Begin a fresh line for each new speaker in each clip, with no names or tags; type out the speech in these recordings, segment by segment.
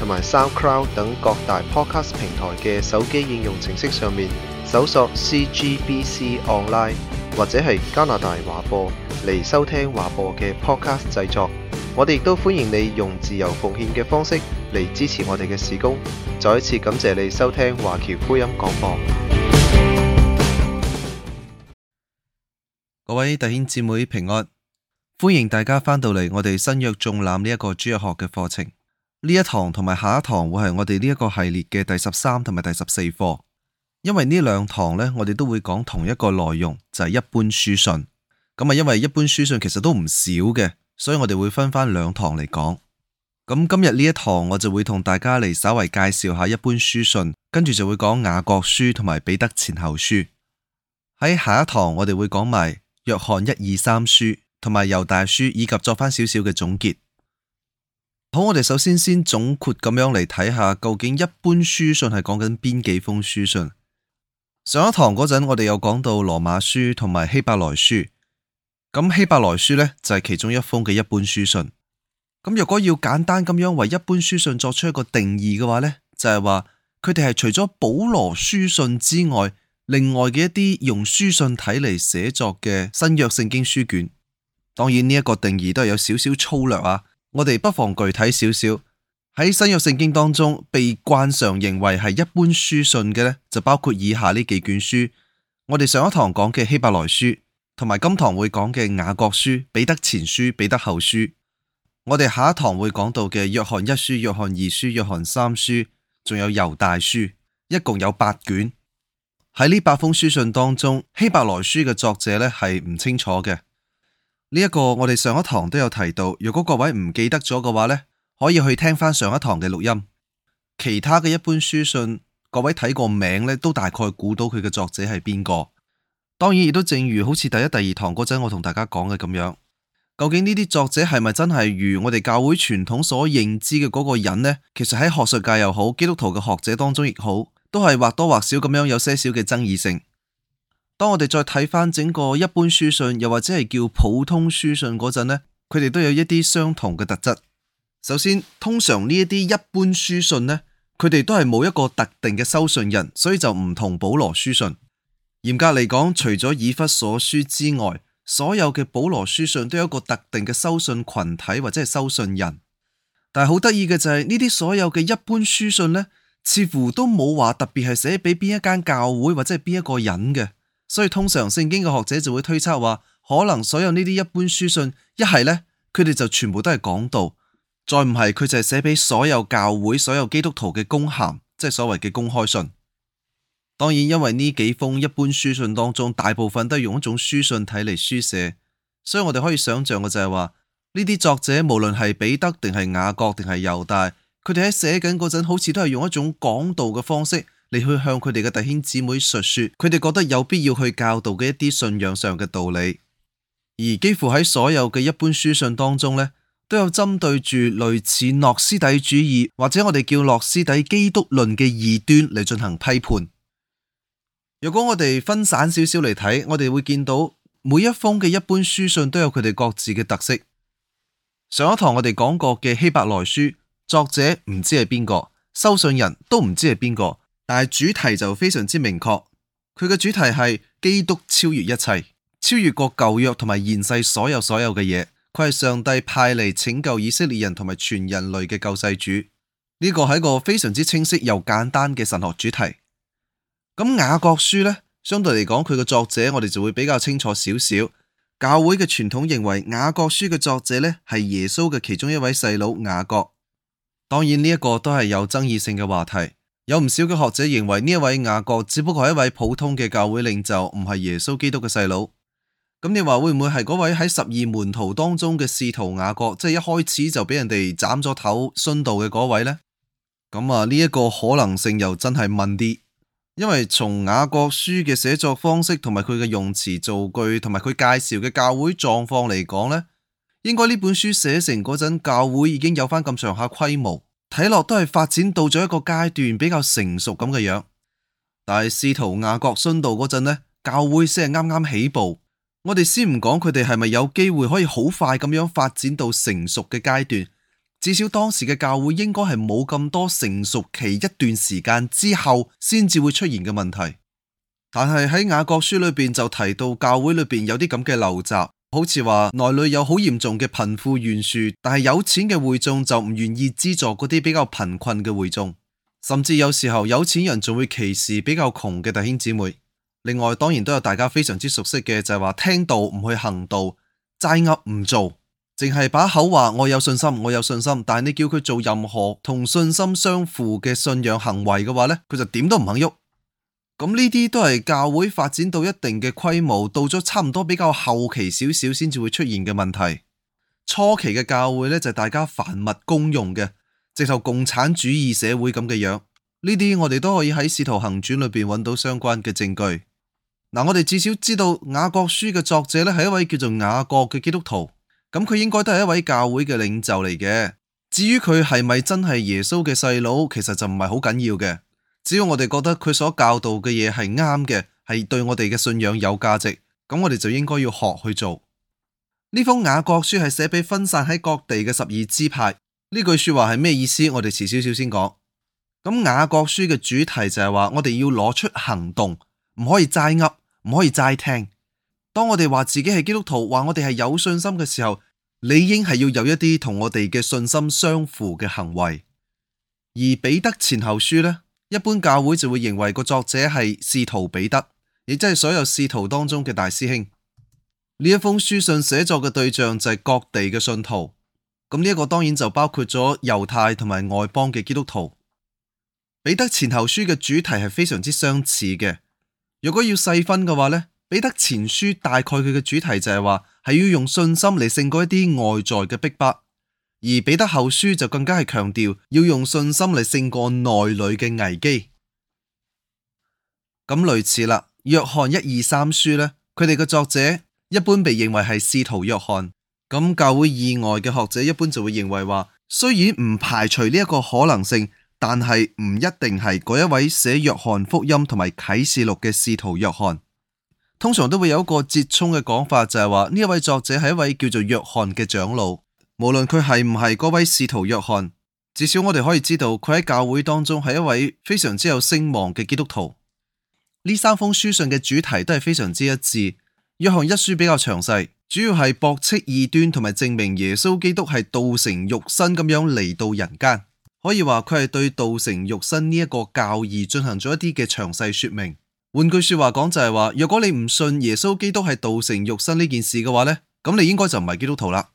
同埋 SoundCloud 等各大 Podcast 平台嘅手機應用程式上面搜索 CGBC Online 或者係加拿大華播嚟收聽華播嘅 Podcast 製作。我哋亦都歡迎你用自由奉獻嘅方式嚟支持我哋嘅事工。再一次感謝你收聽華僑福音廣播。各位弟兄姊妹平安，歡迎大家翻到嚟我哋新約綜覽呢一個主日學嘅課程。呢一堂同埋下一堂會係我哋呢一個系列嘅第十三同埋第十四課，因為呢兩堂呢，我哋都會講同一個內容，就係一般書信。咁啊，因為一般書信其實都唔少嘅，所以我哋會分翻兩堂嚟講。咁今日呢一堂，我就會同大家嚟稍為介紹下一般書信，跟住就會講雅各書同埋彼得前後書。喺下一堂，我哋會講埋約翰一二三書同埋猶大書，以及作翻少少嘅總結。好，我哋首先先總括咁樣嚟睇下，究竟一般書信係講緊邊幾封書信？上一堂嗰陣，我哋有講到羅馬書同埋希伯來書。咁希伯來書呢，就係其中一封嘅一般書信。咁若果要簡單咁樣為一般書信作出一個定義嘅話呢，就係話佢哋係除咗保羅書信之外，另外嘅一啲用書信體嚟寫作嘅新約聖經書卷。當然呢一個定義都係有少少粗略啊。我哋不妨具體少少，喺新約聖經當中，被慣常認為係一般書信嘅呢，就包括以下呢幾卷書。我哋上一堂講嘅希伯來書，同埋今堂會講嘅雅各書、彼得前書、彼得後書。我哋下一堂會講到嘅約翰一書、約翰二書、約翰三書，仲有猶大書，一共有八卷。喺呢八封書信當中，希伯來書嘅作者呢，係唔清楚嘅。呢一個我哋上一堂都有提到，如果各位唔記得咗嘅話呢，可以去聽翻上一堂嘅錄音。其他嘅一般書信，各位睇個名呢，都大概估到佢嘅作者係邊個。當然亦都正如好似第一、第二堂嗰陣我同大家講嘅咁樣，究竟呢啲作者係咪真係如我哋教會傳統所認知嘅嗰個人呢？其實喺學術界又好，基督徒嘅學者當中亦好，都係或多或少咁樣有些少嘅爭議性。當我哋再睇返整個一般書信，又或者係叫普通書信嗰陣呢，佢哋都有一啲相同嘅特質。首先，通常呢一啲一般書信呢，佢哋都係冇一個特定嘅收信人，所以就唔同保羅書信。嚴格嚟講，除咗以弗所書之外，所有嘅保羅書信都有一個特定嘅收信群體或者係收信人。但係好得意嘅就係呢啲所有嘅一般書信呢，似乎都冇話特別係寫俾邊一間教會或者係邊一個人嘅。所以通常聖經嘅學者就會推測話，可能所有呢啲一般書信，一係呢，佢哋就全部都係講道，再唔係佢就係寫俾所有教會、所有基督徒嘅公函，即係所謂嘅公開信。當然，因為呢幾封一般書信當中，大部分都係用一種書信體嚟書寫，所以我哋可以想象嘅就係話，呢啲作者無論係彼得定係雅各定係猶大，佢哋喺寫緊嗰陣，好似都係用一種講道嘅方式。你去向佢哋嘅弟兄姊妹述說，佢哋覺得有必要去教導嘅一啲信仰上嘅道理，而幾乎喺所有嘅一般書信當中呢都有針對住類似諾斯底主義或者我哋叫諾斯底基督論嘅異端嚟進行批判。如果我哋分散少少嚟睇，我哋會見到每一封嘅一般書信都有佢哋各自嘅特色。上一堂我哋講過嘅希伯來書，作者唔知係邊個，收信人都唔知係邊個。但係主題就非常之明確，佢嘅主題係基督超越一切，超越過舊約同埋現世所有所有嘅嘢，佢係上帝派嚟拯救以色列人同埋全人類嘅救世主。呢、這個係一個非常之清晰又簡單嘅神學主題。咁、嗯、雅各書呢，相對嚟講，佢嘅作者我哋就會比較清楚少少。教會嘅傳統認為雅各書嘅作者呢，係耶穌嘅其中一位細佬雅各。當然呢一個都係有爭議性嘅話題。有唔少嘅學者認為呢一位雅各只不過係一位普通嘅教會領袖，唔係耶穌基督嘅細佬。咁你話會唔會係嗰位喺十二門徒當中嘅使徒雅各，即係一開始就俾人哋斬咗頭殉道嘅嗰位呢？咁啊，呢、這、一個可能性又真係問啲，因為從雅各書嘅寫作方式同埋佢嘅用詞造句同埋佢介紹嘅教會狀況嚟講呢，應該呢本書寫成嗰陣，教會已經有翻咁上下規模。睇落都係發展到咗一個階段比較成熟咁嘅樣，但係使徒雅各殉道嗰陣呢，教會先係啱啱起步。我哋先唔講佢哋係咪有機會可以好快咁樣發展到成熟嘅階段，至少當時嘅教會應該係冇咁多成熟期一段時間之後先至會出現嘅問題。但係喺雅各書裏邊就提到教會裏邊有啲咁嘅陋習。好似話內裏有好嚴重嘅貧富懸殊，但係有錢嘅會眾就唔願意資助嗰啲比較貧困嘅會眾，甚至有時候有錢人仲會歧視比較窮嘅弟兄姊妹。另外，當然都有大家非常之熟悉嘅，就係話聽道唔去行道，齋噏唔做，淨係把口話我有信心，我有信心，但係你叫佢做任何同信心相符嘅信仰行為嘅話呢，佢就點都唔肯喐。咁呢啲都係教會發展到一定嘅規模，到咗差唔多比較後期少少先至會出現嘅問題。初期嘅教會呢，就大家凡物公用嘅，直頭共產主義社會咁嘅樣，樣。呢啲我哋都可以喺《使徒行傳》裏邊揾到相關嘅證據。嗱、啊，我哋至少知道雅各書嘅作者呢，係一位叫做雅各嘅基督徒，咁佢應該都係一位教會嘅領袖嚟嘅。至於佢係咪真係耶穌嘅細佬，其實就唔係好緊要嘅。只要我哋覺得佢所教導嘅嘢係啱嘅，係對我哋嘅信仰有價值，咁我哋就應該要學去做。呢封雅各書係寫俾分散喺各地嘅十二支派。呢句說話係咩意思？我哋遲少少先講。咁，嗯，雅各書嘅主題就係話，我哋要攞出行動，唔可以齋噏，唔可以齋聽。當我哋話自己係基督徒，話我哋係有信心嘅時候，理應係要有一啲同我哋嘅信心相符嘅行為。而彼得前後書呢。一般教會就會認為個作者係使徒彼得，亦即係所有使徒當中嘅大師兄。呢一封書信寫作嘅對象就係各地嘅信徒，咁呢一個當然就包括咗猶太同埋外邦嘅基督徒。彼得前後書嘅主題係非常之相似嘅。如果要細分嘅話呢，彼得前書大概佢嘅主題就係話係要用信心嚟勝過一啲外在嘅逼迫。而彼得後書就更加係強調要用信心嚟勝過內裏嘅危機。咁類似啦，約翰一二三書呢，佢哋嘅作者一般被認為係使徒約翰。咁教會以外嘅學者一般就會認為話，雖然唔排除呢一個可能性，但係唔一定係嗰一位寫約翰福音同埋啟示錄嘅使徒約翰。通常都會有一個折衷嘅講法就，就係話呢一位作者係一位叫做約翰嘅長老。無論佢係唔係嗰位使徒約翰，至少我哋可以知道佢喺教會當中係一位非常之有聲望嘅基督徒。呢三封書信嘅主題都係非常之一致。約翰一書比較詳細，主要係駁斥異端同埋證明耶穌基督係道成肉身咁樣嚟到人間。可以話佢係對道成肉身呢一個教義進行咗一啲嘅詳細說明。換句說話講，就係話，如果你唔信耶穌基督係道成肉身呢件事嘅話呢，咁你應該就唔係基督徒啦。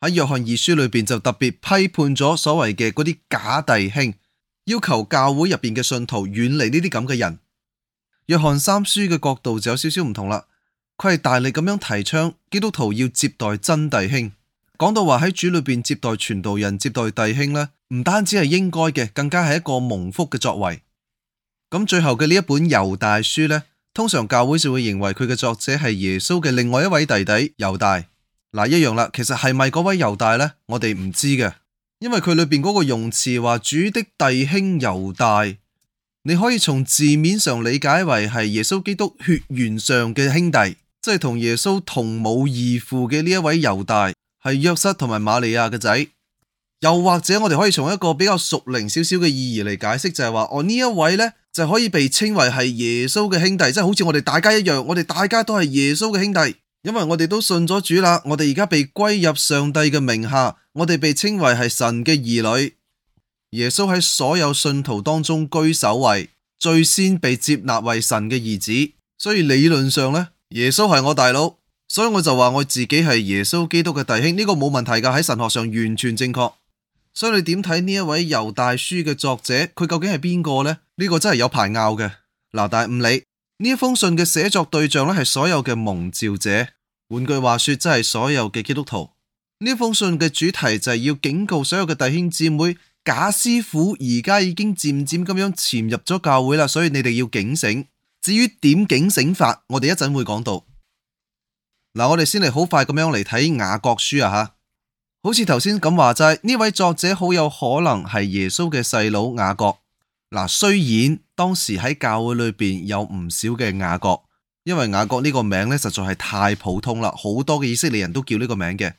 喺約翰二書裏邊就特別批判咗所謂嘅嗰啲假弟兄，要求教會入邊嘅信徒遠離呢啲咁嘅人。約翰三書嘅角度就有少少唔同啦，佢係大力咁樣提倡基督徒要接待真弟兄，講到話喺主裏邊接待傳道人，接待弟兄呢，唔單止係應該嘅，更加係一個蒙福嘅作為。咁最後嘅呢一本猶大書呢，通常教會就會認為佢嘅作者係耶穌嘅另外一位弟弟猶大。嗱，一樣啦，其實係咪嗰位猶大呢？我哋唔知嘅，因為佢裏邊嗰個用詞話主的弟兄猶大，你可以從字面上理解為係耶穌基督血緣上嘅兄弟，即係同耶穌同母異父嘅呢一位猶大，係約瑟同埋瑪利亞嘅仔。又或者我哋可以從一個比較屬靈少少嘅意義嚟解釋，就係話哦，呢一位呢，就可以被稱為係耶穌嘅兄弟，即係好似我哋大家一樣，我哋大家都係耶穌嘅兄弟。因為我哋都信咗主啦，我哋而家被歸入上帝嘅名下，我哋被稱為係神嘅兒女。耶穌喺所有信徒當中居首位，最先被接納為神嘅兒子。所以理論上呢，耶穌係我大佬，所以我就話我自己係耶穌基督嘅弟兄，呢個冇問題噶，喺神學上完全正確。所以你點睇呢一位猶大書嘅作者，佢究竟係邊個呢？呢個真係有排拗嘅嗱，但係唔理。呢封信嘅寫作對象咧，係所有嘅蒙召者，換句話說，即係所有嘅基督徒。呢封信嘅主題就係要警告所有嘅弟兄姊妹，假師傅而家已經漸漸咁樣潛入咗教會啦，所以你哋要警醒。至於點警醒法，我哋一陣會講到。嗱，我哋先嚟好快咁樣嚟睇雅各書啊吓，好似頭先咁話齋，呢位作者好有可能係耶穌嘅細佬雅各。嗱，雖然。當時喺教會裏邊有唔少嘅雅各，因為雅各呢個名咧實在係太普通啦，好多嘅以色列人都叫呢個名嘅。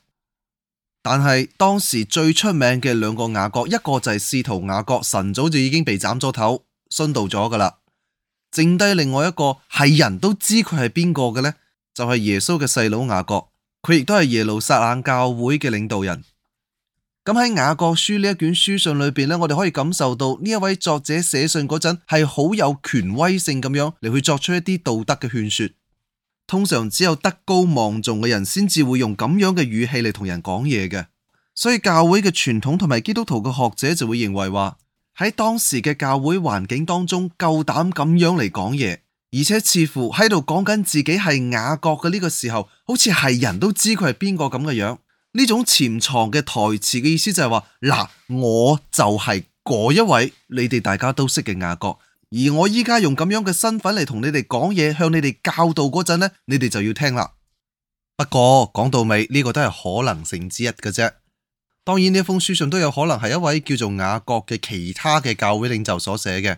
但係當時最出名嘅兩個雅各，一個就係使徒雅各，神早就已經被斬咗頭殉道咗噶啦，剩低另外一個係人都知佢係邊個嘅呢？就係耶穌嘅細佬雅各，佢亦都係耶路撒冷教會嘅領導人。咁喺雅各書呢一卷書信裏邊咧，我哋可以感受到呢一位作者寫信嗰陣係好有權威性咁樣嚟去作出一啲道德嘅勸說。通常只有德高望重嘅人先至會用咁樣嘅語氣嚟同人講嘢嘅。所以教會嘅傳統同埋基督徒嘅學者就會認為話，喺當時嘅教會環境當中，夠膽咁樣嚟講嘢，而且似乎喺度講緊自己係雅各嘅呢個時候，好似係人都知佢係邊個咁嘅樣。呢種潛藏嘅台詞嘅意思就係話嗱，我就係嗰一位你哋大家都識嘅雅各，而我依家用咁樣嘅身份嚟同你哋講嘢，向你哋教導嗰陣呢，你哋就要聽啦。不過講到尾呢個都係可能性之一嘅啫。當然呢封書信都有可能係一位叫做雅各嘅其他嘅教會領袖所寫嘅，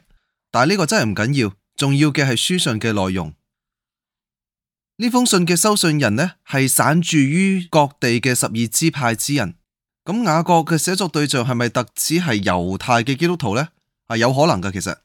但係呢個真係唔緊要，重要嘅係書上嘅內容。呢封信嘅收信人呢，係散住於各地嘅十二支派之人。咁、嗯、雅各嘅寫作對象係咪特指係猶太嘅基督徒呢？係、啊、有可能嘅。其實，嗱、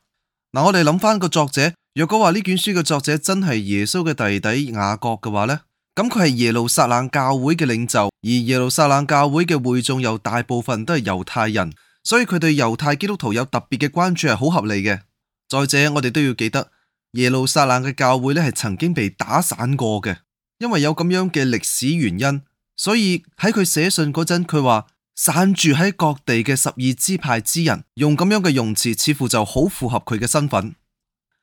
嗯、我哋諗翻個作者，若果話呢卷書嘅作者真係耶穌嘅弟弟雅各嘅話呢，咁佢係耶路撒冷教會嘅領袖，而耶路撒冷教會嘅會眾又大部分都係猶太人，所以佢對猶太基督徒有特別嘅關注係好合理嘅。再者，我哋都要記得。耶路撒冷嘅教會呢，係曾經被打散過嘅，因為有咁樣嘅歷史原因，所以喺佢寫信嗰陣，佢話散住喺各地嘅十二支派之人，用咁樣嘅用詞，似乎就好符合佢嘅身份，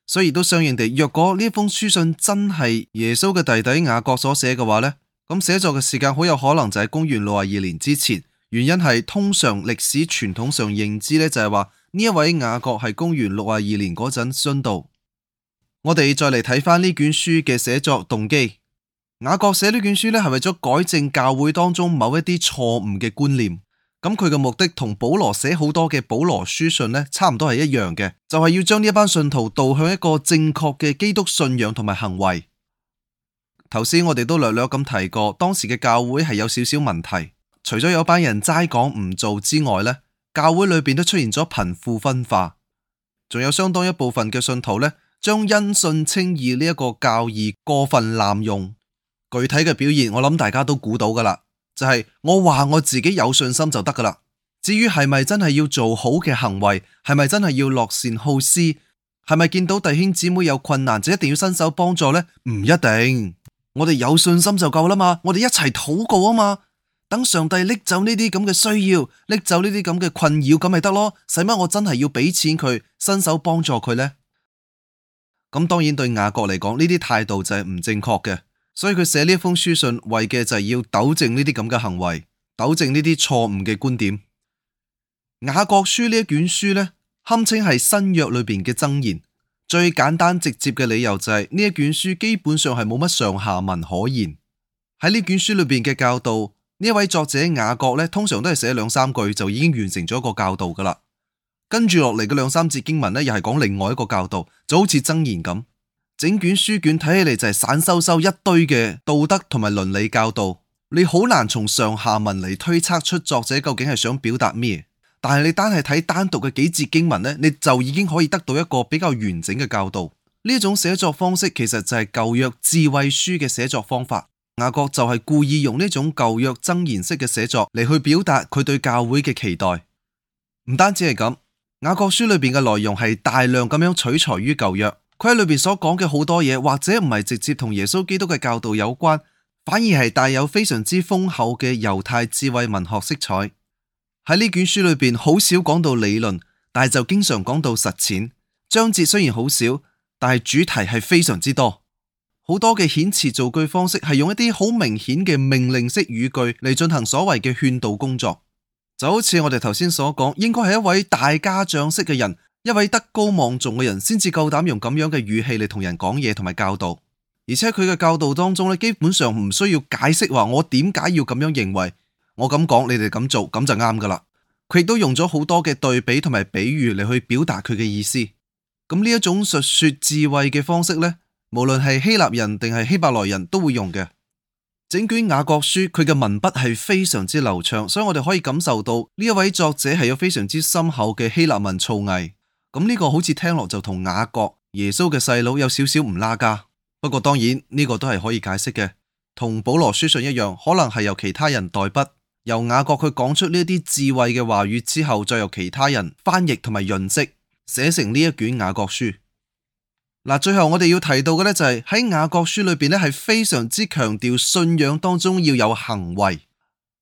所以都相應地，若果呢封書信真係耶穌嘅弟弟雅各所寫嘅話呢，咁寫作嘅時間好有可能就係公元六十二年之前。原因係通常歷史傳統上認知呢，就係話呢一位雅各係公元六十二年嗰陣殉道。我哋再嚟睇翻呢卷書嘅寫作動機，雅各寫呢卷書呢係為咗改正教會當中某一啲錯誤嘅觀念。咁佢嘅目的同保羅寫好多嘅保羅書信呢，差唔多係一樣嘅，就係要將呢一班信徒導向一個正確嘅基督信仰同埋行為。頭先我哋都略略咁提過，當時嘅教會係有少少問題，除咗有班人齋講唔做之外呢，教會裏邊都出現咗貧富分化，仲有相當一部分嘅信徒呢。將因信稱義呢一個教義過分濫用，具體嘅表現我諗大家都估到噶啦，就係我話我自己有信心就得噶啦。至於係咪真係要做好嘅行為，係咪真係要樂善好施，係咪見到弟兄姊妹有困難就一定要伸手幫助呢？唔一定，我哋有信心就夠啦嘛。我哋一齊禱告啊嘛，等上帝拎走呢啲咁嘅需要，拎走呢啲咁嘅困擾，咁咪得咯，使乜我真係要俾錢佢伸手幫助佢呢？咁當然對雅各嚟講，呢啲態度就係唔正確嘅，所以佢寫呢封書信，為嘅就係要糾正呢啲咁嘅行為，糾正呢啲錯誤嘅觀點。雅各書呢一卷書呢，堪稱係新約裏邊嘅箴言。最簡單直接嘅理由就係呢一卷書基本上係冇乜上下文可言。喺呢卷書裏邊嘅教導，呢一位作者雅各呢，通常都係寫兩三句就已經完成咗一個教導噶啦。跟住落嚟嘅兩三節經文呢，又係講另外一個教導，就好似箴言咁。整卷書卷睇起嚟就係散修修一堆嘅道德同埋倫理教導，你好難從上下文嚟推測出作者究竟係想表達咩。但係你單係睇單獨嘅幾節經文呢，你就已經可以得到一個比較完整嘅教導。呢一種寫作方式其實就係舊約智慧書嘅寫作方法。雅各就係故意用呢種舊約箴言式嘅寫作嚟去表達佢對教會嘅期待。唔單止係咁。雅各書裏邊嘅內容係大量咁樣取材於舊約，佢喺裏邊所講嘅好多嘢，或者唔係直接同耶穌基督嘅教導有關，反而係帶有非常之豐厚嘅猶太智慧文學色彩。喺呢卷書裏邊，好少講到理論，但係就經常講到實踐。章節雖然好少，但係主題係非常之多，好多嘅遣詞造句方式係用一啲好明顯嘅命令式語句嚟進行所謂嘅勸導工作。就好似我哋頭先所講，應該係一位大家長式嘅人，一位德高望重嘅人，先至夠膽用咁樣嘅語氣嚟同人講嘢同埋教導。而且佢嘅教導當中咧，基本上唔需要解釋話我點解要咁樣認為，我咁講，你哋咁做，咁就啱噶啦。佢亦都用咗好多嘅對比同埋比喻嚟去表達佢嘅意思。咁呢一種述說智慧嘅方式呢，無論係希臘人定係希伯來人都會用嘅。整卷雅各書，佢嘅文筆係非常之流暢，所以我哋可以感受到呢一位作者係有非常之深厚嘅希臘文造詣。咁呢個好似聽落就同雅各耶穌嘅細佬有少少唔拉噶，不過當然呢個都係可以解釋嘅，同保羅書信一樣，可能係由其他人代筆，由雅各佢講出呢一啲智慧嘅話語之後，再由其他人翻譯同埋潤色，寫成呢一卷雅各書。嗱，最後我哋要提到嘅呢，就係喺雅各書裏邊呢，係非常之強調信仰當中要有行為。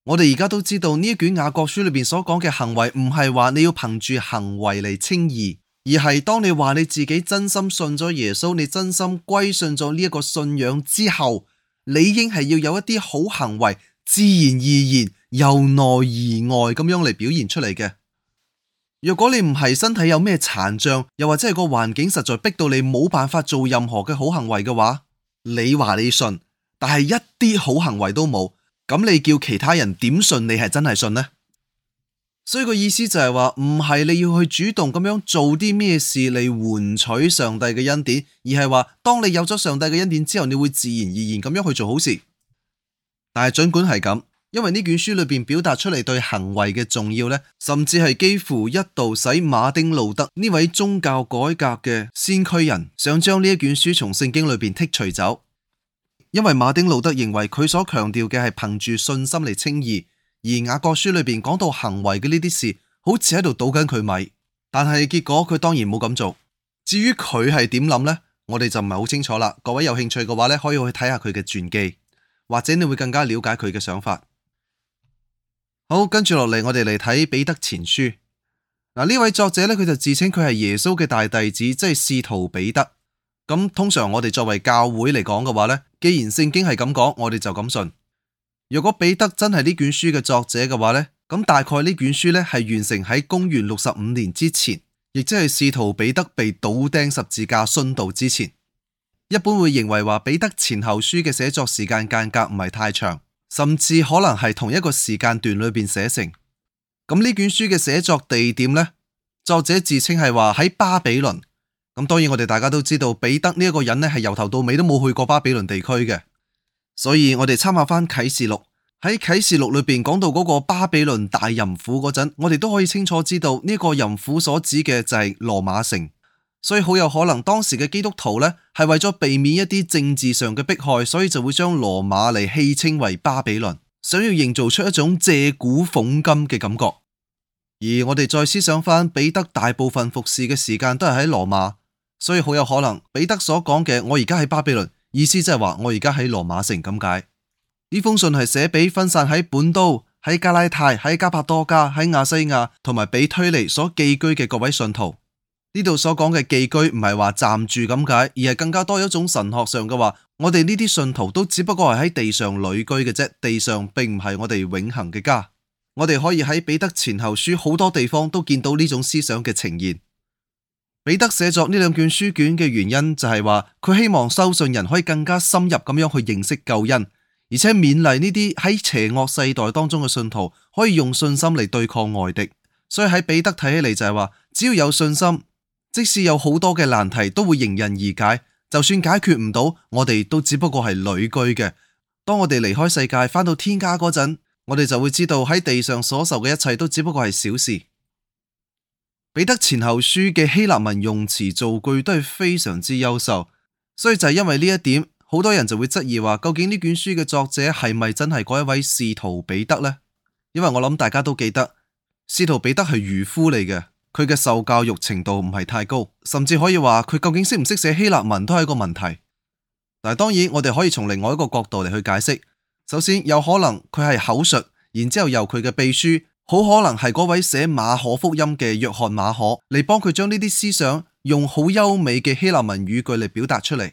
我哋而家都知道呢卷雅各書裏邊所講嘅行為，唔係話你要憑住行為嚟稱義，而係當你話你自己真心信咗耶穌，你真心歸信咗呢一個信仰之後，理應係要有一啲好行為，自然而然由內而外咁樣嚟表現出嚟嘅。如果你唔係身體有咩殘障，又或者係個環境實在逼到你冇辦法做任何嘅好行為嘅話，你話你信，但係一啲好行為都冇，咁你叫其他人點信你係真係信呢？所以個意思就係話，唔係你要去主動咁樣做啲咩事嚟換取上帝嘅恩典，而係話，當你有咗上帝嘅恩典之後，你會自然而然咁樣去做好事。但係盡管係咁。因為呢卷書裏邊表達出嚟對行為嘅重要咧，甚至係幾乎一度使馬丁路德呢位宗教改革嘅先驅人想將呢一卷書從聖經裏邊剔除走，因為馬丁路德認為佢所強調嘅係憑住信心嚟稱義，而雅各書裏邊講到行為嘅呢啲事，好似喺度倒緊佢米。但係結果佢當然冇咁做。至於佢係點諗呢？我哋就唔係好清楚啦。各位有興趣嘅話呢，可以去睇下佢嘅傳記，或者你會更加了解佢嘅想法。好，跟住落嚟，我哋嚟睇彼得前書。嗱，呢位作者咧，佢就自稱佢係耶穌嘅大弟子，即係使徒彼得。咁通常我哋作為教會嚟講嘅話咧，既然聖經係咁講，我哋就咁信。如果彼得真係呢卷書嘅作者嘅話咧，咁大概呢卷書咧係完成喺公元六十五年之前，亦即係使徒彼得被倒釘十字架殉道之前。一般會認為話彼得前後書嘅寫作時間間隔唔係太長。甚至可能係同一個時間段裏邊寫成，咁呢卷書嘅寫作地點呢，作者自稱係話喺巴比倫，咁當然我哋大家都知道彼得呢一個人呢係由頭到尾都冇去過巴比倫地區嘅，所以我哋參考翻啟示錄，喺啟示錄裏邊講到嗰個巴比倫大淫婦嗰陣，我哋都可以清楚知道呢個淫婦所指嘅就係羅馬城。所以好有可能當時嘅基督徒呢，係為咗避免一啲政治上嘅迫害，所以就會將羅馬嚟戲稱為巴比倫，想要營造出一種借古諷今嘅感覺。而我哋再思想翻，彼得大部分服侍嘅時間都係喺羅馬，所以好有可能彼得所講嘅我而家喺巴比倫，意思即係話我而家喺羅馬城咁解。呢封信係寫俾分散喺本都、喺加拉太、喺加帕多家、喺亞西亞同埋比推尼所寄居嘅各位信徒。呢度所講嘅寄居唔係話暫住咁解，而係更加多一種神學上嘅話，我哋呢啲信徒都只不過係喺地上旅居嘅啫，地上並唔係我哋永恒嘅家。我哋可以喺彼得前後書好多地方都見到呢種思想嘅呈現。彼得寫作呢兩卷書卷嘅原因就係話，佢希望收信人可以更加深入咁樣去認識救恩，而且勉勵呢啲喺邪惡世代當中嘅信徒可以用信心嚟對抗外敵。所以喺彼得睇起嚟就係話，只要有信心。即使有好多嘅難題都會迎刃而解，就算解決唔到，我哋都只不過係旅居嘅。當我哋離開世界，返到天家嗰陣，我哋就會知道喺地上所受嘅一切都只不過係小事。彼得前後書嘅希臘文用詞造句都係非常之優秀，所以就係因為呢一點，好多人就會質疑話，「究竟呢卷書嘅作者係咪真係嗰一位使徒彼得呢？」因為我諗大家都記得，使徒彼得係漁夫嚟嘅。佢嘅受教育程度唔係太高，甚至可以話佢究竟識唔識寫希臘文都係一個問題。但係當然，我哋可以從另外一個角度嚟,去解釋。首先，有可能佢係口述，然之後由佢嘅秘書，好可能係嗰位寫馬可福音嘅約翰馬可嚟幫佢將呢啲思想用好優美嘅希臘文語句嚟表達出嚟。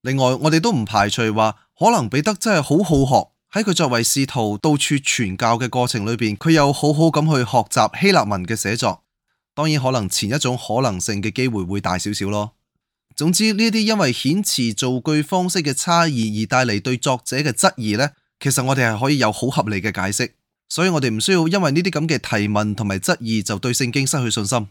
另外，我哋都唔排除話可能彼得真係好好學，喺佢作為使徒到處傳教嘅過程裏邊，佢有好好咁去學習希臘文嘅寫作。當然可能前一種可能性嘅機會會大少少咯。總之呢啲因為遣詞造句方式嘅差異而帶嚟對作者嘅質疑呢，其實我哋係可以有好合理嘅解釋，所以我哋唔需要因為呢啲咁嘅提問同埋質疑就對聖經失去信心。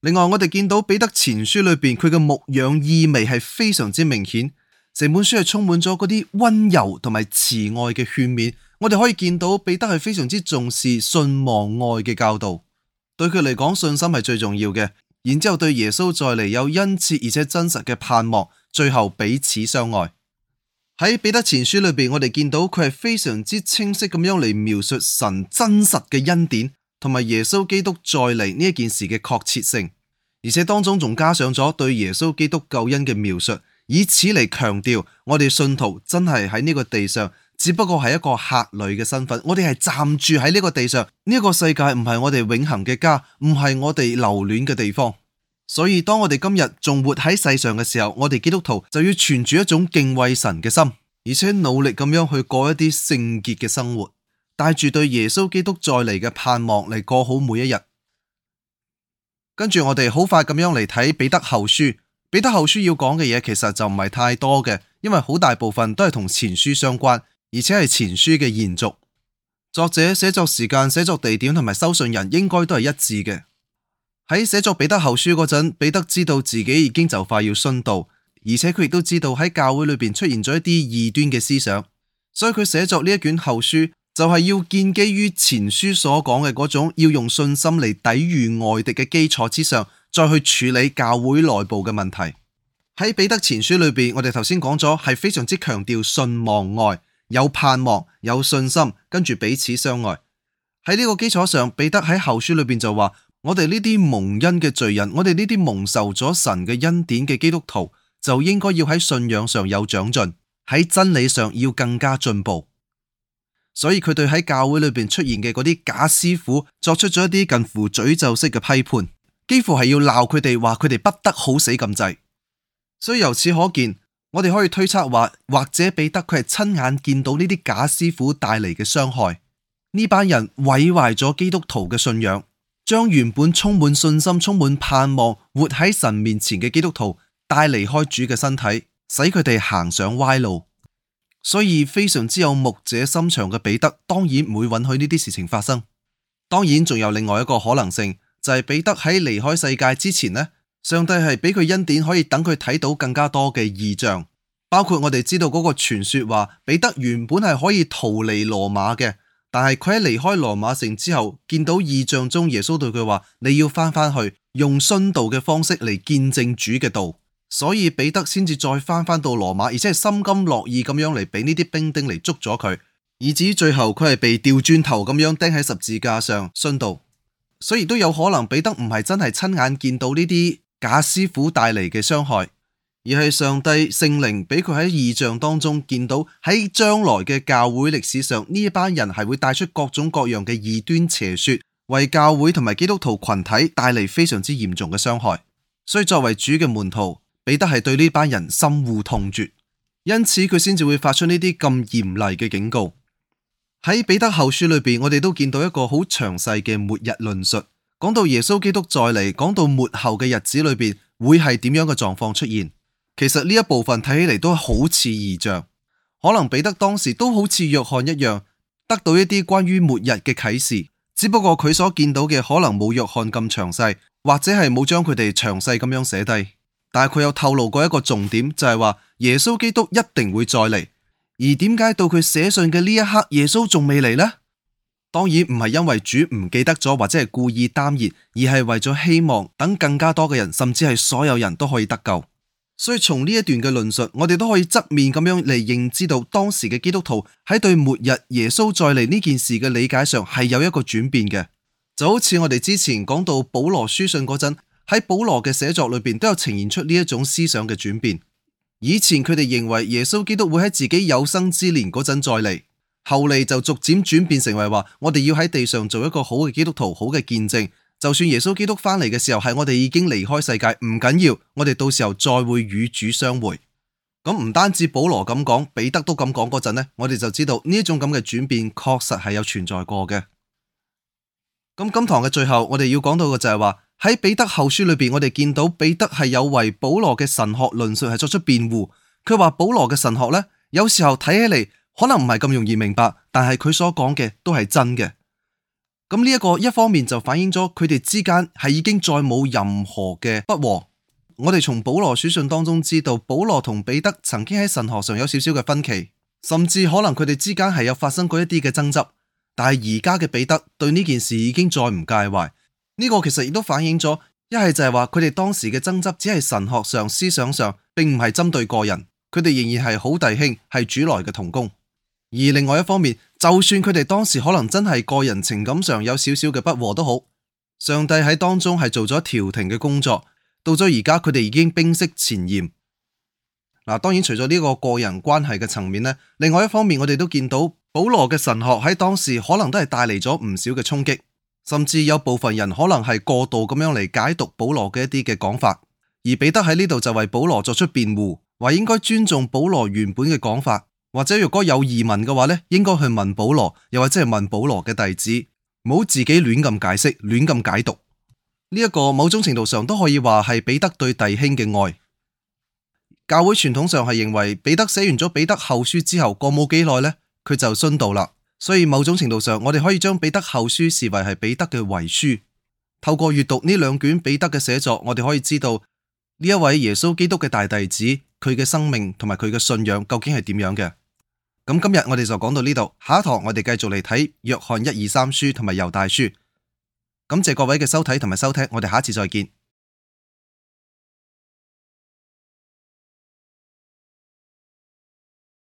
另外我哋見到彼得前書裏邊佢嘅牧養意味係非常之明顯，成本書係充滿咗嗰啲溫柔同埋慈愛嘅勸勉。我哋可以見到彼得係非常之重視信望愛嘅教導。對佢嚟講，信心係最重要嘅。然之後對耶穌再嚟有殷切而且真實嘅盼望，最後彼此相愛。喺彼得前書裏邊，我哋見到佢係非常之清晰咁樣嚟描述神真實嘅恩典，同埋耶穌基督再嚟呢一件事嘅確切性，而且當中仲加上咗對耶穌基督救恩嘅描述，以此嚟強調我哋信徒真係喺呢個地上。只不過係一個客旅嘅身份，我哋係暫住喺呢個地上，呢、這、一個世界唔係我哋永恒嘅家，唔係我哋留戀嘅地方。所以當我哋今日仲活喺世上嘅時候，我哋基督徒就要存住一種敬畏神嘅心，而且努力咁樣去過一啲聖潔嘅生活，帶住對耶穌基督再嚟嘅盼望嚟過好每一日。跟住我哋好快咁樣嚟睇彼得後書，彼得後書要講嘅嘢，其實就唔係太多嘅，因為好大部分都係同前書相關。而且係前書嘅延續，作者、寫作時間、寫作地點同埋收信人應該都係一致嘅。喺寫作彼得後書嗰陣，彼得知道自己已經就快要殉道，而且佢亦都知道喺教會裏邊出現咗一啲異端嘅思想，所以佢寫作呢一卷後書就係要建基於前書所講嘅嗰種要用信心嚟抵禦外敵嘅基礎之上，再去處理教會內部嘅問題。喺彼得前書裏邊，我哋頭先講咗係非常之強調信望愛。有盼望，有信心，跟住彼此相愛。喺呢個基礎上，彼得喺後書裏邊就話：我哋呢啲蒙恩嘅罪人，我哋呢啲蒙受咗神嘅恩典嘅基督徒，就應該要喺信仰上有長進，喺真理上要更加進步。所以佢對喺教會裏邊出現嘅嗰啲假師傅作出咗一啲近乎詛咒式嘅批判，幾乎係要鬧佢哋，話佢哋不得好死咁滯。所以由此可見。我哋可以推測話，或者彼得佢係親眼見到呢啲假師傅帶嚟嘅傷害，呢班人毀壞咗基督徒嘅信仰，將原本充滿信心、充滿盼望、活喺神面前嘅基督徒帶離開主嘅身體，使佢哋行上歪路。所以非常之有牧者心腸嘅彼得，當然唔會允許呢啲事情發生。當然，仲有另外一個可能性，就係、是、彼得喺離開世界之前呢？上帝係俾佢恩典，可以等佢睇到更加多嘅異象，包括我哋知道嗰個傳說話，彼得原本係可以逃離羅馬嘅，但係佢喺離開羅馬城之後，見到異象中耶穌對佢話：你要翻翻去，用殉道嘅方式嚟見證主嘅道。所以彼得先至再翻翻到羅馬，而且係心甘樂意咁樣嚟俾呢啲兵丁嚟捉咗佢。以至於最後佢係被掉轉頭咁樣釘喺十字架上殉道，所以都有可能彼得唔係真係親眼見到呢啲。假師傅帶嚟嘅傷害，而係上帝聖靈俾佢喺異象當中見到，喺將來嘅教會歷史上，呢一班人係會帶出各種各樣嘅異端邪說，為教會同埋基督徒群體帶嚟非常之嚴重嘅傷害。所以作為主嘅門徒，彼得係對呢班人深惡痛絕，因此佢先至會發出呢啲咁嚴厲嘅警告。喺彼得後書裏邊，我哋都見到一個好詳細嘅末日論述。講到耶穌基督再嚟，講到末後嘅日子裏邊會係點樣嘅狀況出現？其實呢一部分睇起嚟都好似異象，可能彼得當時都好似約翰一樣，得到一啲關於末日嘅啟示。只不過佢所見到嘅可能冇約翰咁詳細，或者係冇將佢哋詳細咁樣寫低。但係佢有透露過一個重點，就係話耶穌基督一定會再嚟。而點解到佢寫信嘅呢一刻，耶穌仲未嚟呢？當然唔係因為主唔記得咗，或者係故意耽延，而係為咗希望等更加多嘅人，甚至係所有人都可以得救。所以從呢一段嘅論述，我哋都可以側面咁樣嚟認知到當時嘅基督徒喺對末日耶穌再嚟呢件事嘅理解上係有一個轉變嘅。就好似我哋之前講到保羅書信嗰陣，喺保羅嘅寫作裏邊都有呈現出呢一種思想嘅轉變。以前佢哋認為耶穌基督會喺自己有生之年嗰陣再嚟。後嚟就逐漸轉變成為話，我哋要喺地上做一個好嘅基督徒，好嘅見證。就算耶穌基督翻嚟嘅時候係我哋已經離開世界，唔緊要，我哋到時候再會與主相會。咁唔單止保羅咁講，彼得都咁講嗰陣呢，我哋就知道呢一種咁嘅轉變確實係有存在過嘅。咁今堂嘅最後，我哋要講到嘅就係話喺彼得後書裏邊，我哋見到彼得係有為保羅嘅神學論述係作出辯護。佢話保羅嘅神學呢，有時候睇起嚟，可能唔係咁容易明白，但係佢所講嘅都係真嘅。咁呢一個一方面就反映咗佢哋之間係已經再冇任何嘅不和。我哋從保羅書信當中知道，保羅同彼得曾經喺神學上有少少嘅分歧，甚至可能佢哋之間係有發生過一啲嘅爭執。但係而家嘅彼得對呢件事已經再唔介懷。呢個其實亦都反映咗一係就係話佢哋當時嘅爭執只係神學上、思想上，並唔係針對個人。佢哋仍然係好弟兄，係主內嘅同工。而另外一方面，就算佢哋當時可能真係個人情感上有少少嘅不和都好，上帝喺當中係做咗調停嘅工作。到咗而家，佢哋已經冰釋前嫌。嗱，當然除咗呢個個人關係嘅層面呢，另外一方面我哋都見到保羅嘅神學喺當時可能都係帶嚟咗唔少嘅衝擊，甚至有部分人可能係過度咁樣嚟解讀保羅嘅一啲嘅講法。而彼得喺呢度就為保羅作出辯護，話應該尊重保羅原本嘅講法。或者如果有疑問嘅話呢，應該去問保羅，又或者係問保羅嘅弟子，唔好自己亂咁解釋、亂咁解讀。呢一個某種程度上都可以話係彼得對弟兄嘅愛。教會傳統上係認為，彼得寫完咗彼得後書之後，過冇幾耐呢，佢就殉道啦。所以某種程度上，我哋可以將彼得後書視為係彼得嘅遺書。透過閱讀呢兩卷彼得嘅寫作，我哋可以知道呢一位耶穌基督嘅大弟子，佢嘅生命同埋佢嘅信仰究竟係點樣嘅。咁今日我哋就講到呢度，下一堂我哋繼續嚟睇約翰一二三書同埋猶大書。感謝各位嘅收睇同埋收聽，我哋下次再見。